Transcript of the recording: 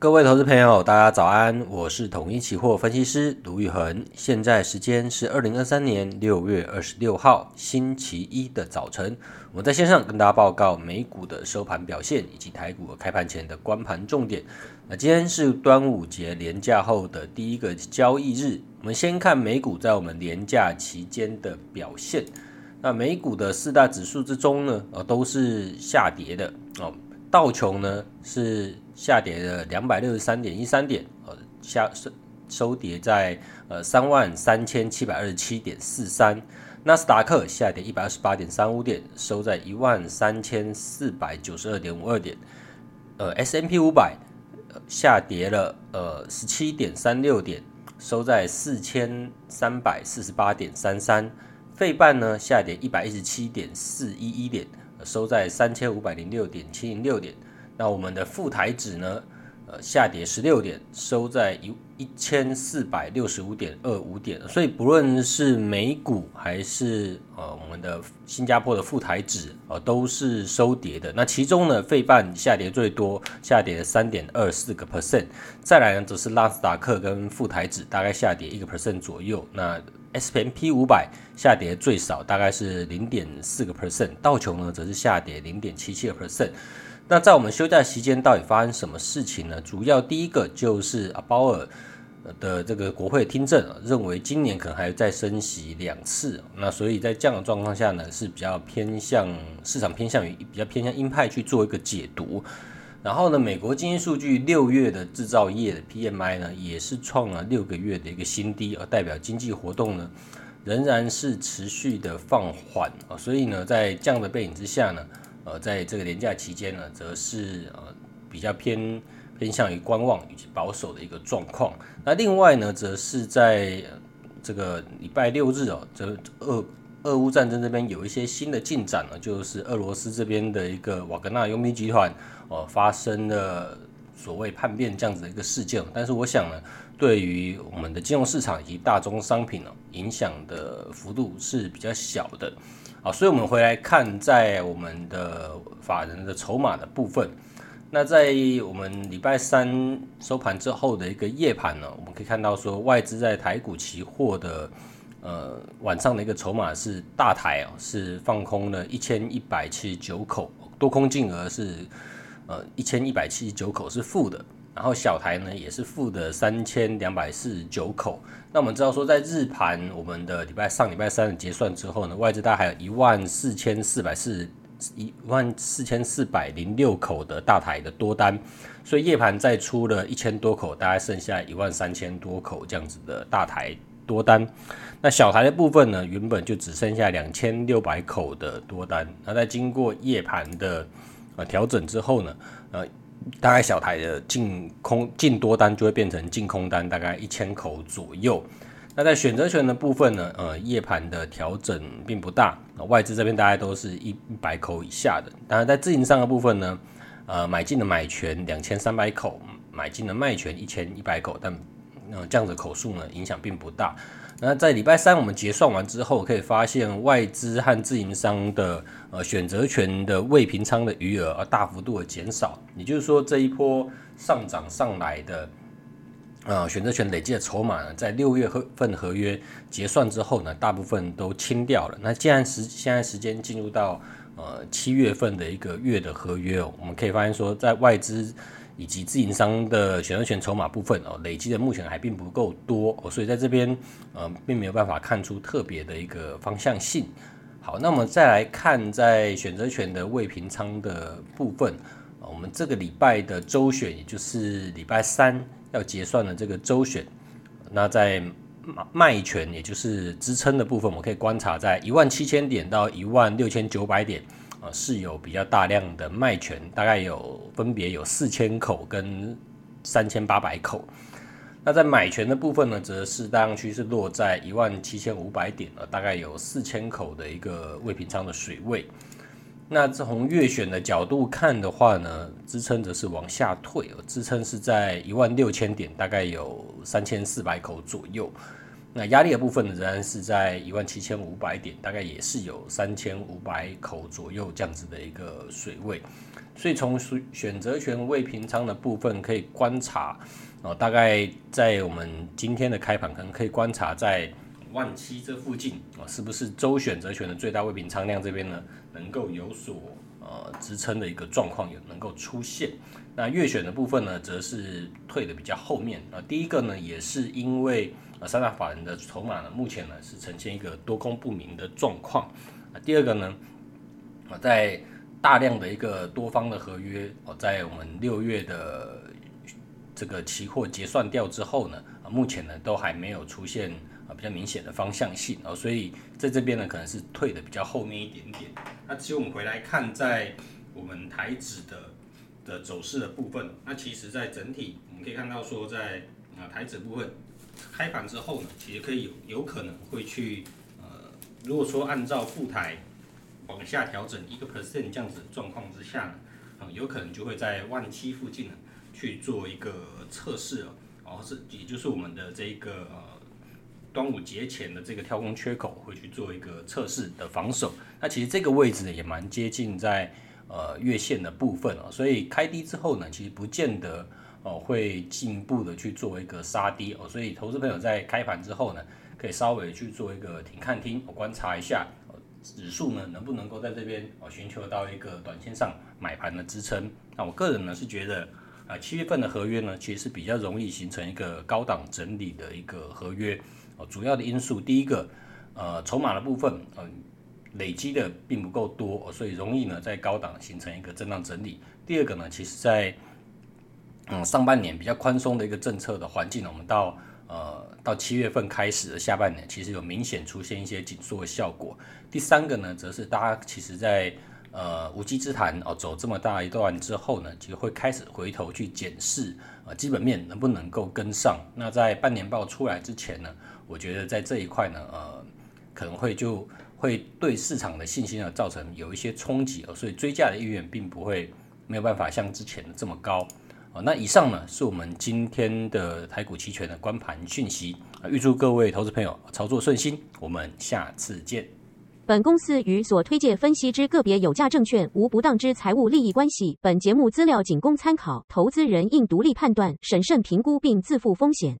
各位投資朋友，大家早安！我是統一期貨分析師盧昱衡，現在時間是二零二三年六月二十六號星期一的早晨。我在線上跟大家報告美股的收盤表現以及台股開盤前的觀盤重點。那今天是端午節連假後的第一個交易日，我們先看美股在我們連假期間的表現。那美股的四大指數之中呢，呃，都是下跌的哦。呃道瓊呢是下跌了兩百六十三點一三點，呃，下是收，收跌在呃三萬三千七百二十七點四三。納斯達克下跌一百二十八點三五點，收在一萬三千四百九十二點五二點。呃 S&P 五百下跌了呃十七點三六點，收在四千三百四十八點三三。費半呢下跌一百一十七點四一一點。收在三千五百零六點七零六點，那我們的富台指呢？呃，下跌十六點，收在一一千四百六十五點二五點，所以不論是美股還是呃我們的新加坡的富台指啊、呃，都是收跌的。那其中呢，費半下跌最多，下跌三點二四個 percent。再來呢，則是納斯達克跟富台指大概下跌一個 percent 左右。那 S&P 五百下跌最少，大概是零點四個 percent。道瓊呢，則是下跌零點七七個 percent。那在我們休假期間，到底發生什麼事情呢？主要第一個就是啊，鮑爾的這個國會聽證，啊，認為今年可能還要再升息兩次。那所以在這樣的狀況下呢，是比較偏向市場偏向於比較偏向鷹派去做一個解讀。然後呢，美國經濟數據六月的制造業的 PMI 呢，也是創了六個月的一個新低，而代表經濟活動呢，仍然是持續的放緩啊。所以呢，在這樣的背景之下呢。呃，在這個連假期間呢，則是呃比較偏偏向於觀望以及保守的一個狀況。那另外呢，則是在這個禮拜六日哦、喔，這俄俄烏戰爭這邊有一些新的進展呢，就是俄羅斯這邊的一個瓦格納傭兵集團哦、呃、發生了所謂叛變這樣子的一個事件。但是我想呢，對於我們的金融市場以及大宗商品呢、喔，影響的幅度是比較小的。好，所以我們回來看，在我們的法人的籌碼的部分，那在我們禮拜三收盤之後的一個夜盤呢、啊，我們可以看到說，外資在台股期貨的呃晚上的一個籌碼是大台啊，是放空了一千一百七十九口，多空淨額是呃一千一百七十九口是負的。然後小台呢，也是負的三千兩百四十九口。那我們知道說，在日盤我們的禮拜上禮拜三的結算之後呢，外資大概還有一萬四千四百四，一萬四千四百零六口的大台的多單，所以夜盤再出了一千多口，大概剩下一萬三千多口這樣子的大台多單。那小台的部分呢，原本就只剩下兩千六百口的多單。那在經過夜盤的呃調整之後呢，呃。大概小台的淨空淨多單就會變成淨空單，大概一千口左右。那在選擇權的部分呢，呃，夜盤的調整並不大，呃、外資這邊大概都是一一百口以下的。當然，在自營商的部分呢，呃，買進的買權兩千三百口，買進的賣權一千一百口，但呃，這樣子的口數呢，影響並不大。那在禮拜三，我們結算完之後，可以發現外資和自營商的呃選擇權的未平倉的餘額啊，大幅度的減少。也就是說這一波上漲上來的呃選擇權累計的籌碼呢，在六月份合約結算之後呢，大部分都清掉了。那既然時現在時間進入到呃七月份的一個月的合約哦，我們可以發現說在外資以及自營商的選擇權籌碼部分哦，累積的目前還並不夠多。哦、所以在這邊嗯、呃，並沒有辦法看出特別的一個方向性。好，那我們再來看在選擇權的未平倉的部分，哦，我們這個禮拜的周選，也就是禮拜三要結算的這個周選，那在賣賣權也就是支撐的部分，我們可以觀察在一萬七千點到一萬六千九百點。啊、呃，是有比較大量的賣權，大概有分別有四千口跟三千八百口。那在買權的部分呢，則是當區是落在一萬七千五百點，大概有四千口的一個未平倉的水位。那從月選的角度看的話呢，支撐則是往下退，支撐是在一萬六千點，大概有三千四百口左右。那壓力的部分呢，仍然是在一萬七千五百點，大概也是有三千五百口左右這樣子的一個水位。所以從選選擇權未平倉的部分可以觀察，啊、哦，大概在我們今天的開盤可能可以觀察在萬七這附近啊、哦，是不是周選擇權的最大未平倉量這邊呢，能夠有所呃支撐的一個狀況也能夠出現。那月選的部分呢，則是退得比較後面啊，那第一個呢也是因為。啊，三大法人的籌碼呢，目前呢是呈現一個多空不明的狀況。啊，第二個呢，啊，在大量的一個多方的合約，哦、啊，在我們六月的這個期貨結算掉之後呢，啊，目前呢都還沒有出現啊比較明顯的方向性。啊，所以在這邊呢，可能是退的比較後面一點點。那、啊、其實我們回來看，在我們台指的的走勢的部分，那、啊、其實，在整體我們可以看到說在，在啊台指部分。開盤之後呢，其實可以有有可能會去，呃，如果說按照富台往下調整一個 percent 這樣子狀況之下呢、嗯，有可能就會在萬七附近呢去做一個測試哦，然、哦、後是也就是我們的這一個、呃、端午節前的這個跳空缺口會去做一個測試的防守。那其實這個位置也蠻接近在呃月線的部分哦，所以開低之後呢，其實不見得。哦，會進一步的去做一個殺跌哦，所以投資朋友在開盤之後呢，可以稍微去做一個停看聽，我觀察一下，指數呢能不能夠在這邊哦尋求到一個短線上買盤的支撐。那我個人呢是覺得，啊、呃，七月份的合約呢其實比較容易形成一個高檔整理的一個合約哦。主要的因素，第一個，呃，籌碼的部分，嗯、呃，累積的並不夠多，所以容易呢在高檔形成一個震盪整理。第二個呢，其實在嗯，上半年比較寬鬆的一個政策的環境，我們到呃到七月份開始的下半年，其實有明顯出現一些緊縮的效果。第三個呢，則是大家其實在呃無稽之談哦、呃、走這麼大一段之後呢，其實會開始回頭去檢視呃基本面能不能夠跟上。那在半年報出來之前呢，我覺得在這一塊呢，呃可能會就會對市場的信心啊造成有一些衝擊、呃、所以追加的意願並不會沒有辦法像之前的這麼高。好，那以上呢是我們今天的台股期權的觀盤訊息啊，預祝各位投資朋友操作順心，我們下次見。本公司與所推介分析之個別有價證券無不當之財務利益關係，本節目資料僅供參考，投資人應獨立判斷、審慎評估並自負風險。